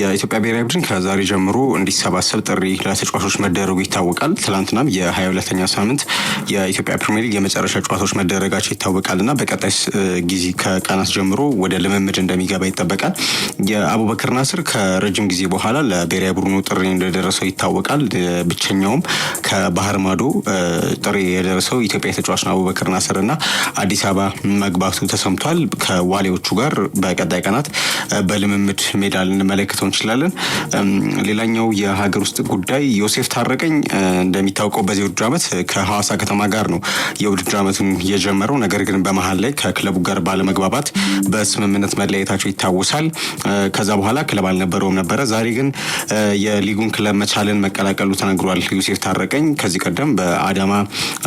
የኢትዮጵያ ብሔራዊ ቡድን ከዛሬ ጀምሮ እንዲሰባሰብ ጥሪ ለተጫዋቾች መደረጉ ይታወቃል። ትላንትናም የሀያ ሁለተኛ ሳምንት የኢትዮጵያ ፕሪሚየር ሊግ የመጨረሻ ጨዋታዎች መደረጋቸው ይታወቃል እና በቀጣይ ጊዜ ከቀናት ጀምሮ ወደ ልምምድ እንደሚገባ ይጠበቃል። የአቡበክር ናስር ከረጅም ጊዜ በኋላ ለብሔራዊ ቡድኑ ጥሪ እንደደረሰው ይታወቃል። ብቸኛውም ከባህር ማዶ ጥሪ የደረሰው ኢትዮጵያ የተጫዋች ነው አቡበክር ናስር እና አዲስ አበባ መግባቱ ተሰምቷል። ከዋሌዎቹ ጋር በቀጣይ ቀናት በልምምድ ሜዳ ልንመለከተው ልንመልሰው እንችላለን። ሌላኛው የሀገር ውስጥ ጉዳይ ዮሴፍ ታረቀኝ እንደሚታወቀው በዚህ ውድድር ዓመት ከሐዋሳ ከተማ ጋር ነው የውድድር ዓመቱን የጀመረው። ነገር ግን በመሀል ላይ ከክለቡ ጋር ባለመግባባት በስምምነት መለያየታቸው ይታወሳል። ከዛ በኋላ ክለብ አልነበረውም ነበረ። ዛሬ ግን የሊጉን ክለብ መቻልን መቀላቀሉ ተነግሯል። ዮሴፍ ታረቀኝ ከዚህ ቀደም በአዳማ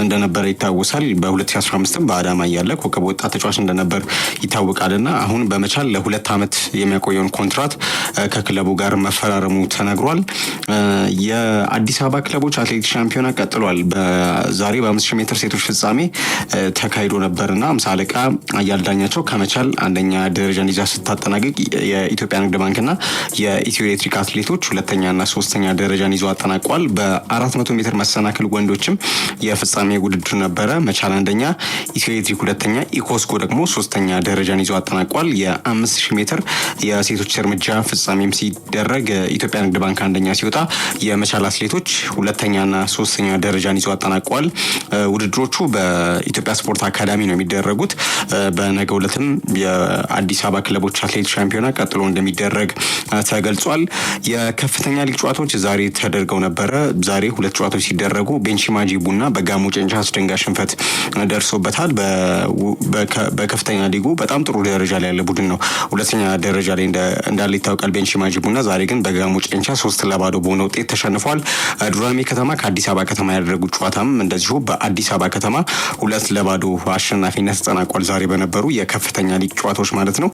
እንደነበረ ይታወሳል። በ2015 በአዳማ እያለ ኮከብ ወጣት ተጫዋች እንደነበር ይታወቃልና አሁን በመቻል ለሁለት ዓመት የሚያቆየውን ኮንትራት ክለቡ ጋር መፈራረሙ ተነግሯል። የአዲስ አበባ ክለቦች አትሌቲክስ ሻምፒዮና ቀጥሏል። በዛሬ በአምስት ሺህ ሜትር ሴቶች ፍጻሜ ተካሂዶ ነበርና አምሳ አለቃ አያል ዳኛቸው ከመቻል አንደኛ ደረጃን ይዛ ስታጠናቅቅ የኢትዮጵያ ንግድ ባንክና የኢትዮ ኤሌክትሪክ አትሌቶች ሁለተኛና ሶስተኛ ደረጃን ይዞ አጠናቋል። በአራት መቶ ሜትር መሰናክል ወንዶችም የፍጻሜ ውድድር ነበረ። መቻል አንደኛ፣ ኢትዮ ኤሌክትሪክ ሁለተኛ፣ ኢኮስኮ ደግሞ ሶስተኛ ደረጃን ይዞ አጠናቋል። የአምስት ሺህ ሜትር የሴቶች እርምጃ ፍጻሜም ሲደረግ ኢትዮጵያ ንግድ ባንክ አንደኛ ሲወጣ የመቻል አትሌቶች ሁለተኛና ሶስተኛ ደረጃን ይዞ አጠናቀዋል። ውድድሮቹ በኢትዮጵያ ስፖርት አካዳሚ ነው የሚደረጉት። በነገ ዕለትም የአዲስ አበባ ክለቦች አትሌት ሻምፒዮና ቀጥሎ እንደሚደረግ ተገልጿል። የከፍተኛ ሊግ ጨዋታዎች ዛሬ ተደርገው ነበረ። ዛሬ ሁለት ጨዋታዎች ሲደረጉ ቤንች ቡና በጋሞ ጨንቻ አስደንጋ ሽንፈት ደርሶበታል። በከፍተኛ ሊጉ በጣም ጥሩ ደረጃ ላይ ያለ ቡድን ነው። ሁለተኛ ደረጃ ላይ እንዳለ ይታወቃል ቤንች ሲማጂ ቡና ዛሬ ግን በጋሞ ጨንቻ ሶስት ለባዶ በሆነ ውጤት ተሸንፏል። ዱራሜ ከተማ ከአዲስ አበባ ከተማ ያደረጉት ጨዋታም እንደዚሁ በአዲስ አበባ ከተማ ሁለት ለባዶ አሸናፊነት ተጠናቋል። ዛሬ በነበሩ የከፍተኛ ሊግ ጨዋታዎች ማለት ነው።